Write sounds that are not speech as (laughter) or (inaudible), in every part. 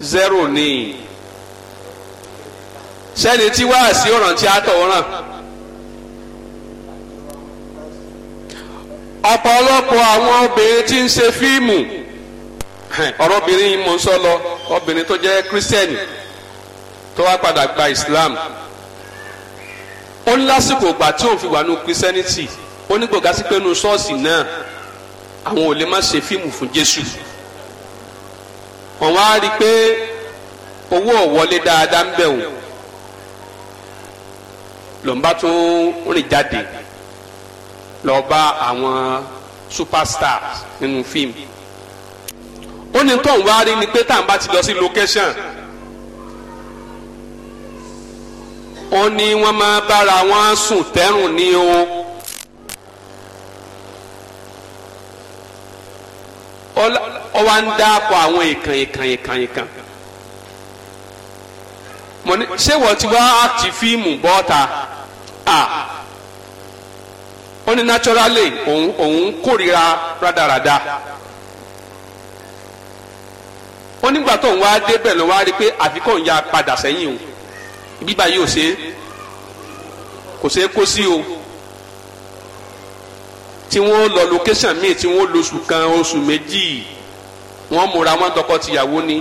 zero ní sẹ́ni tí wá sí ọ̀ràn tí a tọ̀ ràn. ọ̀pọ̀lọpọ̀ àwọn obìnrin tí ń ṣe fíìmù ọ̀rọ̀ obìnrin mò ń sọ lọ obìnrin tó jẹ́ kírísítẹ́nì tó wá padà gba Islam ó ní lásìkò ìgbà tí òun fi wà nù kírísítẹ́nìtì ó ní gbọ̀gá sí pé nù ṣọ́ọ̀ṣì náà àwọn ò lè má ṣe fíìmù fún Jésù wọ́n wá rí i pé owó ọ̀wọ́lé dáadáa ń bẹ̀ wò ló ń bá tún rìn jáde lọ bá àwọn superstars nínú fíìmù ó ní tóun wá rí ni pé táwọn bá ti lọ sí location ó ní wọ́n máa bára wọn sùn tẹ́rùn ní o. ọ wá ń dáàpọ̀ àwọn ìkàn ìkàn ìkàn ìkàn mo ṣé wọ́n ti wá àti fíìmù bọ́ta à ó ní naturally òun òun kórìíra rádaràda ó nígbà tó ń wá débẹ̀ ló wá rí i pé àfikún òun ya padà sẹ́yìn o bíbá yìí ò ṣe é kò ṣe é kó sí o tí wọ́n lọ location míì tí wọ́n lóṣù kan oṣù méjì wọ́n múra wọn tọkọ-tìyàwó ni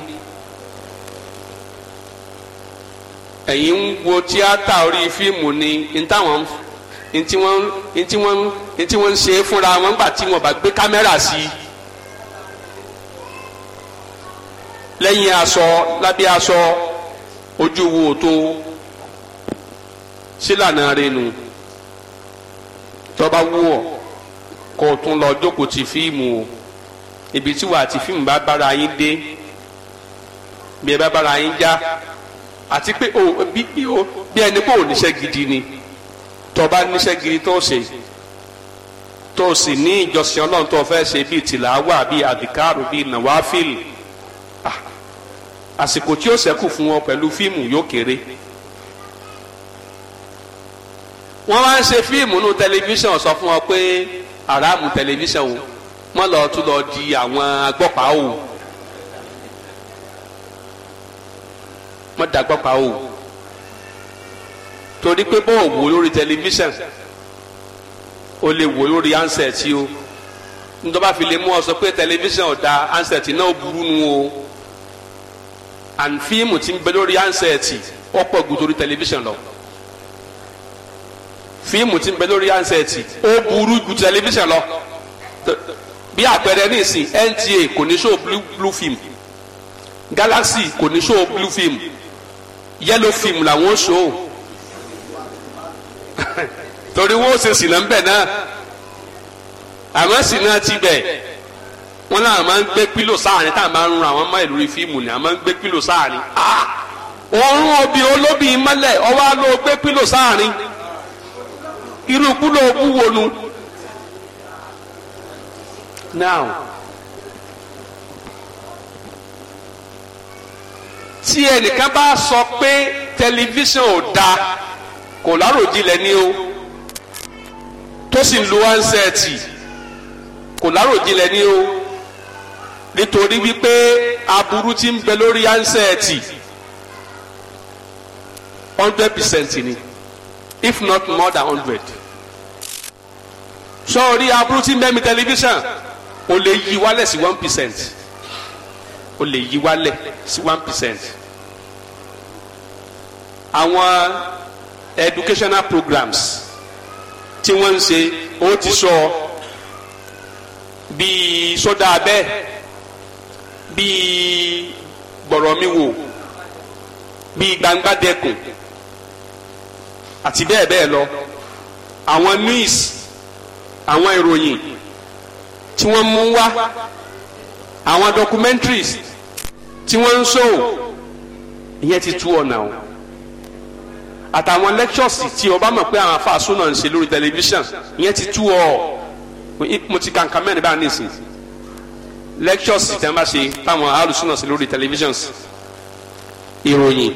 ẹ̀yin ń wo tíátà orí fíìmù ni ní táwọn ní tí wọ́n ní tí wọ́n ní tí wọ́n ń ṣe fúnra wọn gbà tí wọ́n bá gbé kámẹ́rà sí i lẹ́yìn aṣọ lábẹ́ aṣọ ojú wo tó sílànà rẹ̀ nù tọ́ba wú kó o tún lọ jókòó ti fíìmù o ibi tí wàá ti fíìmù bá bára yín dé bí ẹ bá bára yín já àti pé o bí bí o bí ẹni pé níṣẹ́ gidi ni tó o bá níṣẹ́ gidi tó o ṣe tó o sì ní ìjọsìn ọlọ́run tó o fẹ́ ṣe bíi tìlàwà bíi àdìkárù bíi nàwáfíìlì àsìkò tí ó ṣẹ́kù fún wọn pẹ̀lú fíìmù yóò kéré wọ́n máa ń ṣe fíìmù nù tẹlifíṣàn sọ fún wọn pé aráàmù tẹlifíṣàn o mọ́ lọ tún lọ di àwọn agbọ́pàá o mọ́ da agbọ́pàá o torí pé bọ́ọ̀ wò lórí tẹlifíṣàn o lè wò lórí ansẹ̀tì o ntọ́ba fi lè mú ọ sọ pé tẹlifíṣàn ọ̀dà ansẹ̀tì náà burú nu o àǹfíìmù ti ń bẹ lórí ansẹ̀tì ọ̀pọ̀ gùn torí tẹlifíṣàn lọ fíìmù tí ń bẹ lórí ansẹ́ẹ̀tì ó burú ju tẹlifíṣàn lọ bí àpẹẹrẹ nísìn NTA kò ní show blue, film Galaxy kò ní show blue film yellow film làwọn show (laughs) torí wọn ò ṣe sìnà ń bẹ̀ náà àmọ́ sìnà ti bẹ̀ wọn náà máa ń gbé pílò sáàrin tá a máa ń ran àwọn máìlú rí fíìmù ni a máa ń gbé pílò sáàrin òórùn ah! obì olóbì mọ́lẹ̀ ọwọ́ á gbé pílò sáàrin irú kúlò òkú wo now tí ẹnìkan bá sọ pé tẹlifíṣàn ò da kò láròjinlẹ̀ ni o tó sì ń lo ansẹ́ẹ̀tì kò láròjinlẹ̀ ni o nítorí wípé aburú ti ń bẹ lórí ansẹ́ẹ̀tì hundred percent ni if not more than hundred sọ́ọ̀rí aburú tí mẹ́mi tẹlifíṣàn o lè yí wálẹ̀ sí one percent o lè yí wálẹ̀ sí one percent àwọn educational programs tí wọ́n ń ṣe ó ti sọ bíi sọ́dà abẹ́ bíi gbọ̀rọ̀ mi wò bíi gbangbadẹ́kùn àti bẹ́ẹ̀ bẹ́ẹ̀ lọ àwọn news àwọn ìròyìn tí wọ́n mú wá àwọn documentaries tí wọ́n ń show ìyẹn ti tú ọ̀nà o àtàwọn lectures tí o bá mọ̀ pé àwọn afa àsúná ń ṣe lórí tẹlifíṣàn ìyẹn ti tú ọ mo ti kàǹkà mẹ́rin báyìí nìsín lectures tí wọ́n bá ṣe táwọn alùsúná ṣe lórí tẹlifíṣàn ìròyìn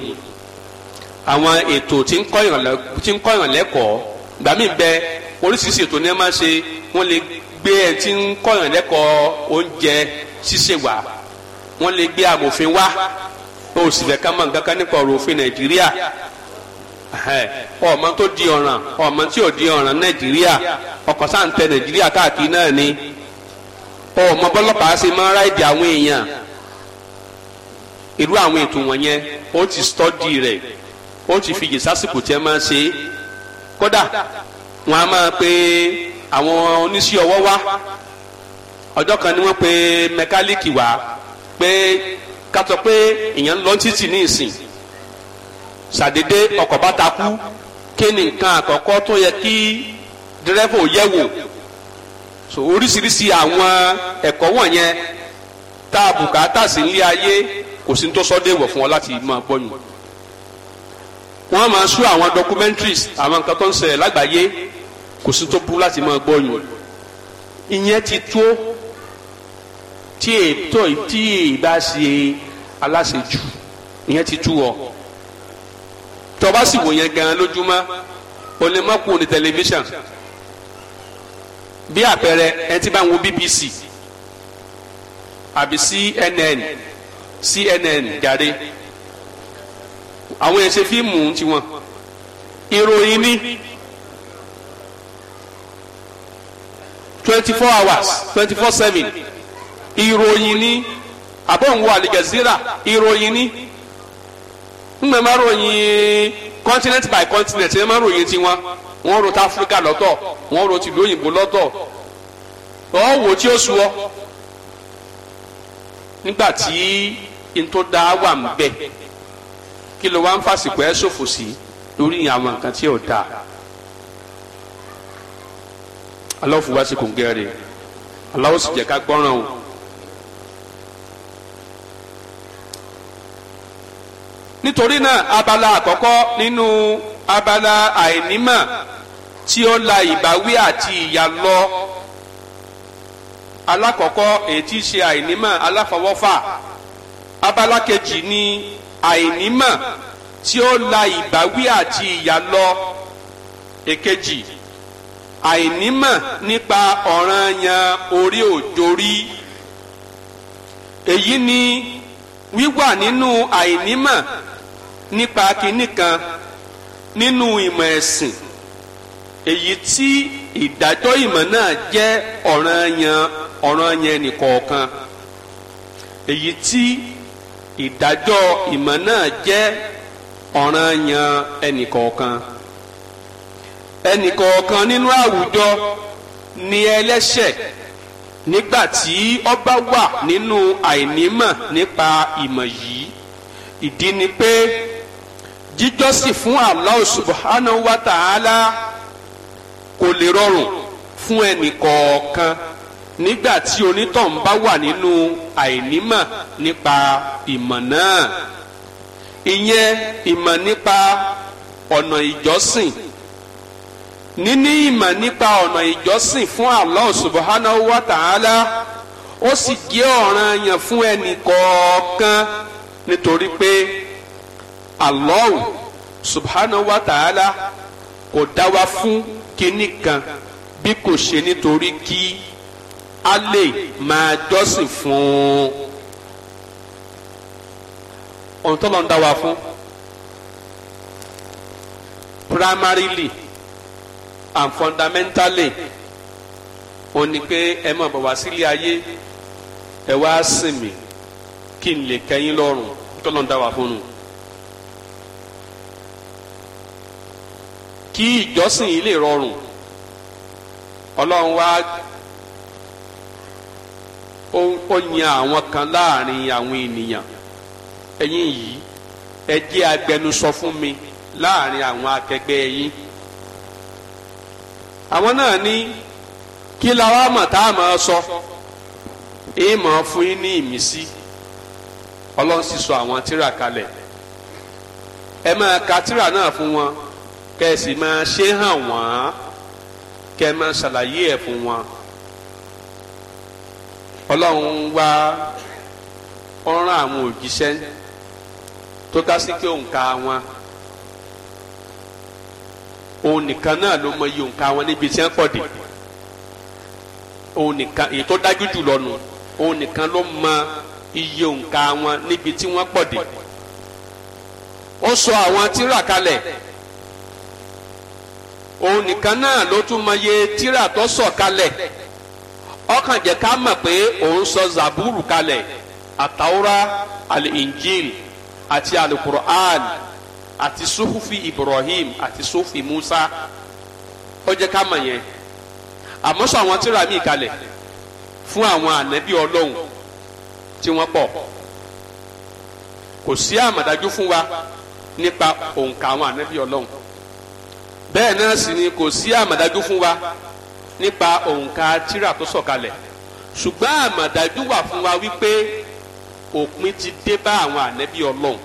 àwọn ètò tí ń kọ́ ìrànlẹ́kọ̀ọ́ gbàmí bẹ́ẹ̀ oríṣiríṣi ètò ní ẹ ṣe wọn lè gbé ẹ ń oúnjẹ ṣíṣe wà lè gbé amòfin wá sì ká nǹkan kan nípa òfin ọmọ ọmọ tí ò di nàìjíríà náà ni ọmọ bọlọpàá ṣe máa ráìdì àwọn èèyàn irú àwọn ètò wọ̀nyẹn ó ti stọ́dì re ó ti fi sásìkò tí ẹ máa ṣe kódà wọn a máa pe àwọn oníṣẹ́ ọwọ́ wá ọjọ́ kan ni wọ́n pe mẹkáníìkì wá pé ká sọ pé èèyàn ń lọ títì ní ìsìn ṣàdédé ọkọ̀ bá takú kí ni nǹkan àkọ́kọ́ tó yẹ kí dírẹ́fò yẹ̀ so oríṣiríṣi àwọn ẹ̀kọ́ wọ̀nyẹn tá a bùkátà sí nílé ayé kò sí ní tó sọ déèwọ̀ fún ọ láti máa bọ́yìn wọ́n máa sú àwọn documentaries àwọn nǹkan tó ń ṣẹlẹ̀ lágbàáyé kò sí tó burú láti máa gbọ́ yùn ìyẹn ti tó tí ètò tí ìbá ṣe aláṣejù ìyẹn ti tú ọ tó bá sì wò yẹn gan lójúmọ́ o lè má kú ní tẹlifíṣàn bí àpẹẹrẹ ẹ ti bá ń wo BBC àbí CNN CNN jáde àwọn yẹn ṣe fíìmù tiwọn ìròyìn ní twenty four hours twenty four seven ìròyìn ní àbọ̀nwó àlìgẹ̀zírà ìròyìn ní ńgbẹ́ máa ròyìn continent by continent ẹ máa ròyìn tiwọn wọ́n ro ti Áfíríkà lọ́tọ̀ wọ́n ro tìlú òyìnbó lọ́tọ̀ ọ̀ wò tí ó sú ọ nígbà tí n wà ń bẹ kí ló wá ń fàsìkò ẹ̀ ṣòfò sí lórí àwọn nǹkan tí ò dáa aláwọ̀ fún wá sí kòǹgẹ́ rẹ̀ aláwọ̀ sì jẹ́ ká gbọ́ràn o. nítorí náà abala àkọ́kọ́ nínú abala àìnímọ̀ tí ó la ìbáwí àti ìyà lọ alákọ̀ọ́kọ́ èyí tí í ṣe àìnímọ̀ aláfọwọ́fà abala kejì ni àìnímọ̀ tí ó la ìbáwí àti ìyà lọ èkejì àìnímọ̀ nípa ọ̀ranyàn orí òjòrí èyí ni wíwà nínú àìnímọ̀ nípa kinní kan nínú ìmọ̀ ẹ̀sìn èyí tí ìdájọ́ ìmọ̀ náà jẹ́ ọ̀ranyàn ọ̀ranyàn ẹnìkọ̀ọ̀kan èyí tí ìdájọ́ ìmọ̀ náà jẹ́ ọ̀ranyàn ẹnìkọ̀ọ̀kan ẹnìkọ̀ọ̀kan nínú àwùjọ ni ẹlẹ́ṣẹ̀ nígbà tí ó bá wà nínú àìnímọ̀ nípa ìmọ̀ yìí ìdí ni pé jíjọ́sìn fún Allah subhanahu wa ta'ala kò lè rọrùn fún ẹnìkọ̀ọ̀kan nígbà tí onítọ̀hún bá wà nínú àìnímọ̀ nípa ìmọ̀ náà ìyẹn ìmọ̀ nípa ọ̀nà ìjọsìn níní ìmọ̀ nípa ọ̀nà ìjọsìn fún Allah subhanahu wa ta'ala ó sì jẹ́ ọ̀ranyàn fún ẹnì kọ̀ọ̀kan nítorí pé Allah subhanahu wa ta'ala kò dá wa fún kinní kan bí kò ṣe nítorí kí a lè máa jọ́sìn fún ohun tó lọ ń dá wa fún primarily and fundamentally ó ní pé ẹ mọ̀ bọ̀ wá sílé ayé ẹ wá sìn kí n lè kẹ́yìn lọ́rùn tó lọ ń dá wa fún un. kí ìjọsìn yìí lè rọrùn ọlọ́run wá ó yan àwọn kan láàrin àwọn ènìyàn ẹ̀yin yìí ẹ jẹ́ agbẹnusọ fún mi láàrin àwọn akẹgbẹ yín àwọn náà ní kí la wá mọ̀ tá a mọ̀ ọ́ sọ èyí mọ̀ ọ́ fún yín ní ìmísí ọlọ́run sì sọ àwọn tírà kalẹ̀ ẹ máa ka tírà náà fún wọn kẹ́ ẹ sì máa ṣe hàn wọ́n kẹ́ ẹ máa ṣàlàyé ẹ̀ fún wọn. ọlọ́run wá ọ̀ràn àwọn òjíṣẹ́ tó ká sí pé òǹkà wọn òun nìkan náà ló mọ iye òǹkà wọn níbi tí wọ́n pọ̀ dé òun nìkan èyí tó dájú jù lọ nù òun nìkan ló mọ iye òǹkà wọn níbi tí wọ́n pọ̀ dé ó sọ àwọn tírà kalẹ̀ òun nìkan náà ló tún mọ iye tírà tó sọ̀ kalẹ̀ ọkàn jẹ́ ká mọ̀ pé òun sọ zaburu kalẹ̀ àtàwúrà al-injil àti alukur'an àti suhufi ibrahim àti suhufi musa ó jẹ́ ká mọ̀ yẹn àmọ́ sọ àwọn tírà míì kalẹ̀ fún àwọn ànábì ọlọ́run tí wọ́n pọ̀ kò sí àmọ̀dájú fún wa nípa òǹkà àwọn ànábì ọlọ́run bẹ́ẹ̀ náà sì ni kò sí àmọ̀dájú fún wa nípa òǹkà tírà tó sọ̀kalẹ̀ ṣùgbọ́n àmọ̀dájú wà fún wa wípé òpin ti dé bá àwọn ànẹ́bí ọlọ́run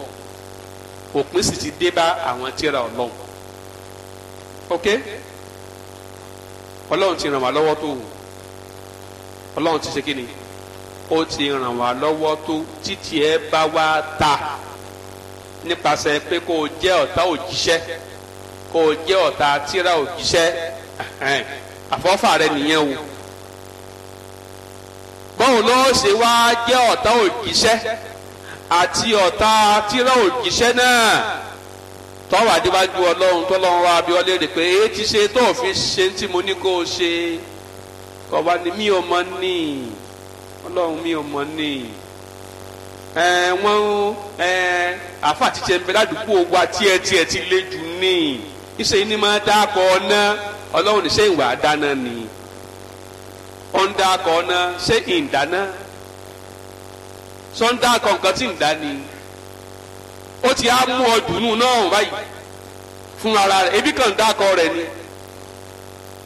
òpin sì ti dé bá àwọn tírà ọlọ́run ok ọlọ́run ti ràn wá lọ́wọ́ tó ọlọ́run ti ṣe kí ni ó ti ràn wá lọ́wọ́ tó títí ẹ bá wá ta nípasẹ̀ pé kó o jẹ́ ọ̀tá òjíṣẹ́ kó o jẹ́ ọ̀tá tírà òjíṣẹ́ àfọ́fà rẹ nìyẹn o báwo ló ṣe wá jẹ́ ọ̀tá òjíṣẹ́ àti ọ̀tá tírà òjíṣẹ́ náà tọ́wọ́ adéwájú ọlọ́run tó lọ́wọ́ wá bí ọlẹ́ rè pé èyí ti ṣe tó fi ṣe tí mo ní kó o ṣe kọ́ wa ni mi ò mọ̀ ní ọlọ́run mi ò mọ̀ ní wọ́n àfa àti tiẹ̀ ń bẹ ládùúgbò wa tiẹ̀ tiẹ̀ ti lé jù ní ìṣèyí ni máa dáàbọ̀ náà ọlọ́run ní ṣé ìwà dáná ni ọ̀ǹda akọ náà ṣé ìdáná sọ́ńdà akọ nǹkan tí ń dá ni ó ti á mú ọdùnú náà báyìí fún ara rẹ̀ ebi kan dá akọ rẹ̀ ni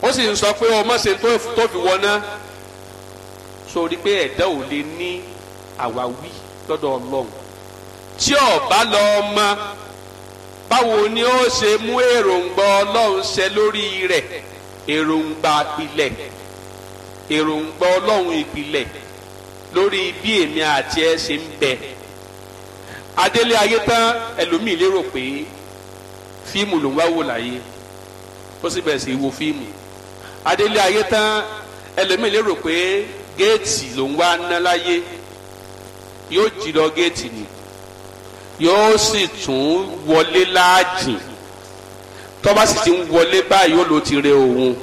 ó sì ń sọ pé ọmọ ṣe tó fi wọná sórí pé ẹ̀dá ò lè ní àwáwí lọ́dọ̀ ọlọ́run tí ó bá lọ báwo ni ó ṣe mú èròǹgbà ọlọ́run ṣẹ lórí rẹ̀ èròǹgbà ìpìlẹ̀ èròǹgbà ọlọ́run ìpìlẹ̀ lórí bí èmi àti ẹ ṣe ń bẹ adélé ayé tán ẹlòmíì lérò pé fíìmù ló ń wá wò láyé ó sì bẹ̀rẹ̀ sí wo fíìmù adélé ayé tán ẹlòmíì lérò pé géètì ló ń wá ná láyé yóò jí lọ géètì ni yóò sì tún wọlé láàjìn tọ́ba sì ti ń wọlé báyìí ó ló ti rẹ òun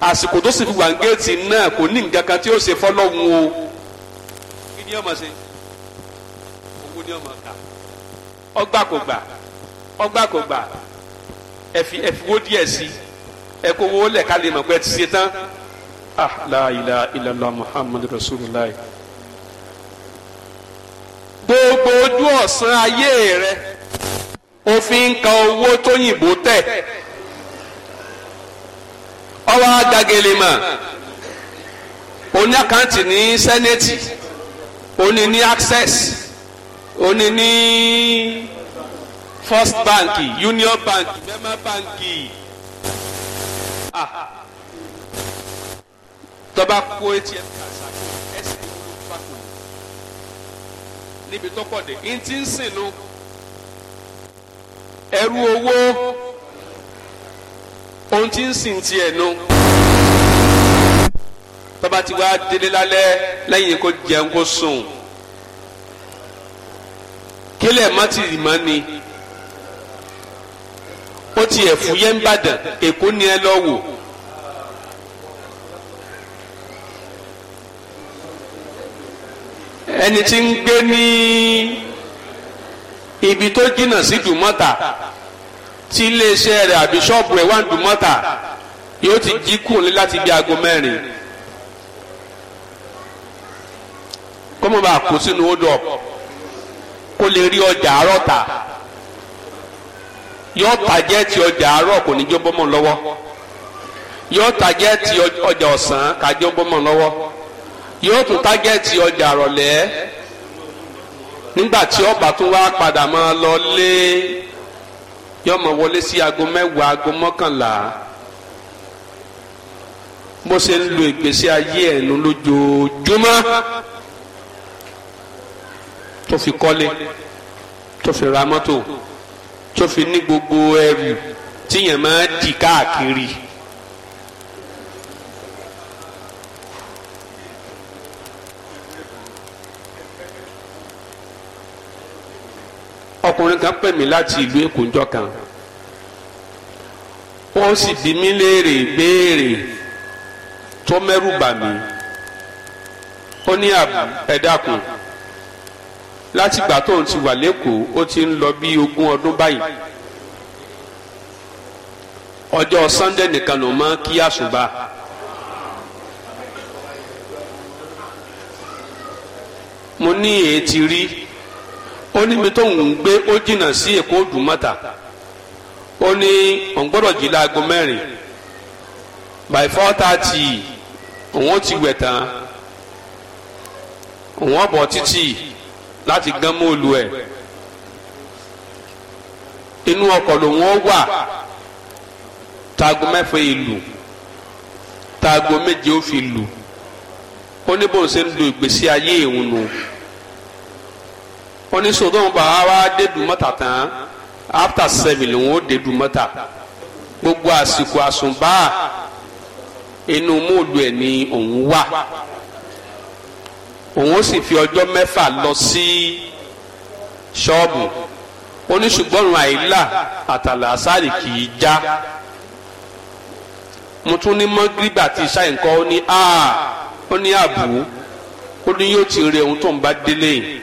àsìkò tó sì fi wà ń géètì náà kò ní nǹkan kan tí ó ṣe fọlọ́hún o. kí ni ọmọ ṣe owó ni ọmọ kà ọgbà kò gbà ọgbà kò gbà ẹ̀fì ẹ̀fìwó díẹ̀ sí ẹ kó owó lẹ̀ ká lè mọ̀ pé ẹ ti ṣe tán. ah la ilaha illallah muhammadu rasulillah. ọ̀sán ayé rẹ o fi ń ka owó tóyìnbó tẹ̀ ọwọ́ adagele mà oní àkáǹtì ní sẹ́nẹ́tì oní ní access oní ní first bank union bank mema bank ah tọ́ba kó atm kàṣà kó ẹ̀sìn ìwúlò fákòó. níbi tó pọ̀ dé n ti ń sìn nu ẹrú owó ohun tí ń sìn tiẹ̀ nu tọ́ba ti wá délé lálẹ́ lẹ́yìn kó jẹun kó sùn kílẹ̀ mọ́tìrì mọ́ ni ó tiẹ̀ fúyẹ́ ń bàdàn èkó ni ẹ lọ́ wò. ẹni tí ń gbé ní ibi tó jìnnà sí dùmọ́ta tí iléeṣẹ́ rẹ̀ àbí ṣọ́ọ̀bù ẹ̀ wá ń dùmọ́ta yóò ti jí kùn lé láti bí aago mẹ́rin kọ́mọ̀ bá kó sínú odò kó lè rí ọjà àárọ̀ ta yóò tàjẹ́ ti ọjà àárọ̀ kò ní jó bọ́mọ̀ lọ́wọ́ yóò tàjẹ́ ti ọjà ọ̀sán kájọ́ bọ́mọ̀ lọ́wọ́ yóò tún tágẹ́ẹ̀tì ọjà rọ̀lẹ́ nígbà tí ọba tún wá padà máa lọ lé yóò máa wọlé sí aago mẹ́wàá aago mọ́kànlá bó ṣe ń lo ìgbésí ayé ẹ̀nu lójoojúmọ́ tó fi kọ́lé tó fi ra mọ́tò tó fi ní gbogbo ẹrù tíyẹn máa dì káàkiri. ọkùnrin kan pè mí láti ìlú Èkó ńjọ́ kan ó sì bí mi léèrè béèrè tó mẹ́rù bà mí ó ní àbú ẹ dákun látìgbà tóun ti wà lẹ́kọ̀ọ́ ó ti ń lọ bí ogún ọdún báyìí ọjọ́ Sunday nìkan ló máa ń kí àṣùbà. mo ní èé ti rí ó ní mi tó ń gbé ó jìnnà sí Èkó dùmọ́ta ó ní òun gbọ́dọ̀ jí láago mẹ́rin by four thirty òun ti wẹ̀ tán òun ọ̀bọ̀ títì láti gán mọ́ọ̀lù ẹ̀ inú ọkọ̀ lòun ó wà taago mẹ́fà ìlú taago méje ó fi lù ó ní bó ṣe ń lo ìgbésí ayé ìhun nù. No ó ní sọ tóun bá a wá mọ́ta tán after seven lòun ó dédùn mọ́ta gbogbo àsìkò àsùnbà inú móòlù ẹ̀ ni òun wà òun ó sì fi ọjọ́ mẹ́fà lọ sí ṣọ́ọ̀bù ó àìlà àtàlà àsáàlì kì í já mo tún ní mọ́gírígbà tí ṣáì ń kọ́ ó ní a ó ní àbú ó ní yóò ti rẹ ohun tó ń bá délé yìí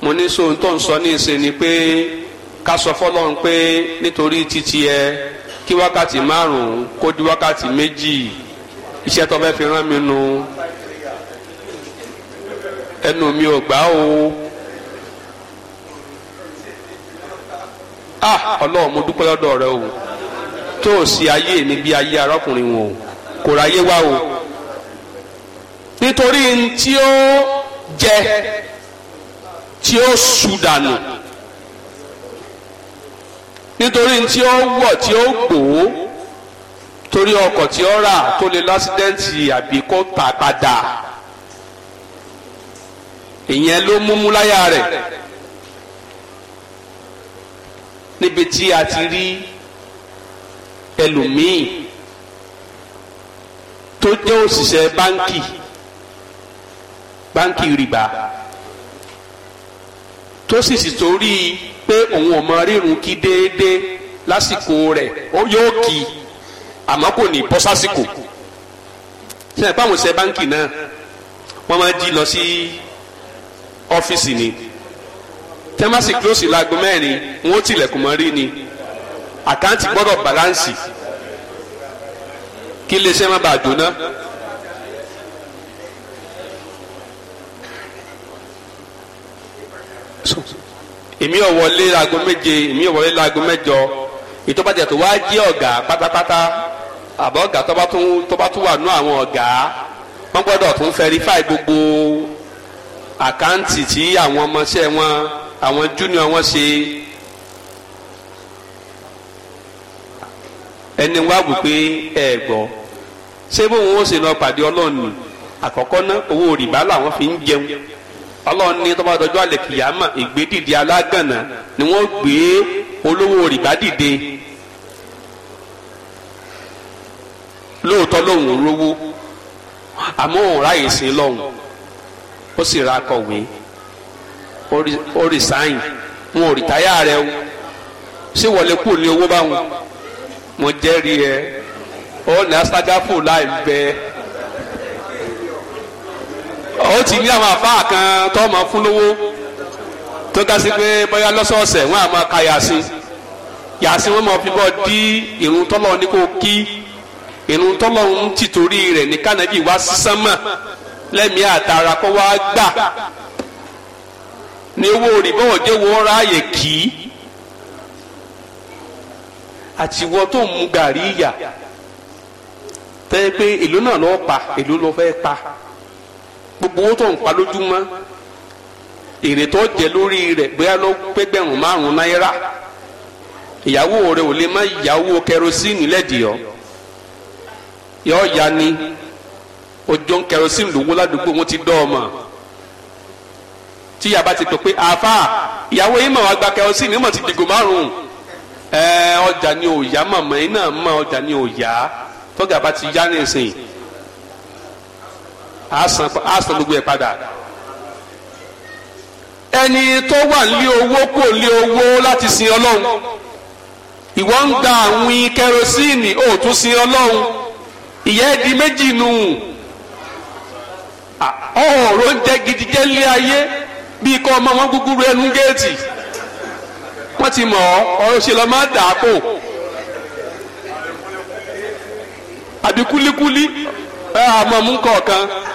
mo ní sóhun tó ń sọ ní ìṣe ni pé ká sọ fọlọ́run pé nítorí títí ẹ kí wákàtí márùn-ún kó di wákàtí méjì iṣẹ́ tó fẹ́ fi rán mi nu ẹnu mi ò gbà o ah ọlọ́run mo dúpẹ́ lọ́dọ̀ rẹ o tó o sì ayé mi bí ayé arákùnrin wọn o kò ráyé wá o nítorí tí ó jẹ tí ó ṣú dànù nítorí tí ó wọ̀ tí ó gbòó torí ọkọ̀ tí ó rà tó lè lásídẹ́ǹtì àbí kó tà padà ìyẹn ló múmú láyà rẹ̀ níbi tí a ti rí ẹlòmíì tó jẹ́ òṣìṣẹ́ báńkì báńkì rìbá tó sì sì torí pé òun ò mọ rírun kí déédéé lásìkò rẹ̀ ó yóò kí àmọ́ kò ní bọ́ sásìkò sẹ́yìn báwọn ṣe báńkì náà wọ́n máa jí lọ sí ọ́fíìsì ni tẹ́másì kílóòsì láago mẹ́rin wọ́n ó tilẹ̀kùn mọ́ rí ni àkáǹtì gbọ́dọ̀ bàláǹsì kí iléeṣẹ́ má bàa jóná. èmi ọ̀wọ́lé láago méje èmi ọ̀wọ́lé láago mẹ́jọ ìtọ́bàjẹ́ tó wá jẹ́ ọ̀gá pátápátá àbọ̀ ọ̀gá tó bá tún tó bá tún wà nú àwọn ọ̀gá wọ́n gbọ́dọ̀ tún fẹ́rífáì gbogbo àkáǹtì tí àwọn ọmọọṣẹ́ wọn àwọn júnior wọn ṣe ẹni wá wù pé ẹ gbọ́ ṣé bóun ó ṣe lọ pàdé ọlọ́ọ̀nù àkọ́kọ́ ná owó rìbá làwọn fi ń jẹun ọlọ́run ní tọ́ba dọjọ́ àlè kìyàmà ìgbédìde alágànà ni wọ́n gbé olówó rìbá dìde lóòótọ́ lòun rówó àmọ́ òun ráyè sí lọ́hùn ó sì ra akọ̀wé ó rìsáìn wọn ò rìtáyà rẹ o ṣé wọlé kù ní owó báwọn mo jẹ́rìí ẹ ó ní aságáfò láì bẹ́ẹ̀. ó ti ní àwọn àfáà kan tó máa fún lówó tó ga sí pé bóyá lọ́sọ̀ọ̀sẹ̀ wọ́n á ka yàsí yàsí wọn máa fi bọ́ di ìrun tọ́lọ́ ní kò kí ìrun tọ́lọ́ ń tìtorí rẹ̀ ní kànábì wá sánmà lẹ́mìí àtàrà kó wá gbà ní owó rìbọ̀wọ̀ jẹ́ wo ráàyè kì í àtiwọ́ tó ń mu gàrí ìyà tẹ́ pé ìlú náà lọ́ọ́ pa ìlú ló fẹ́ pa. gbogbo owó tó ń pa lójúmọ́ èrè tó jẹ lórí rẹ̀ bóyá ló pẹ́gbẹ̀rún márùn-ún náírà ìyàwó rẹ̀ ò lè má yàwó kẹrosíìnì lẹ́dìọ́ yọ ya ni ojú kẹrosíìnì lówó ládùúgbò wọn ti dọ́ ọmọ tí yaba ti pè pé àáfà ìyàwó yìí mọ̀ wá gba kẹrosíìnì mọ̀ ti dìgò márùn ọjà ni ò yá màmá yìí náà mọ̀ ọjà ni ò yá tọ́gà bá ti yá ní á san á san gbogbo ẹ̀ padà ẹni tó wà nílé owó kò lé owó láti sin ọlọ́run ìwọ ń gba àwìn kẹrosíìnì ó tún sin ọlọ́run ìyẹn di méjì nù ọ̀rọ̀ ń jẹ gidigẹ́ lé ayé bíi kọ́ ọmọ wọn gúgúrú ẹnu géètì wọ́n ti mọ̀ ọ́ ṣe lọ máa dà á pò àbí kúlíkúlí àmọ́ mú kọ̀ọ̀kan.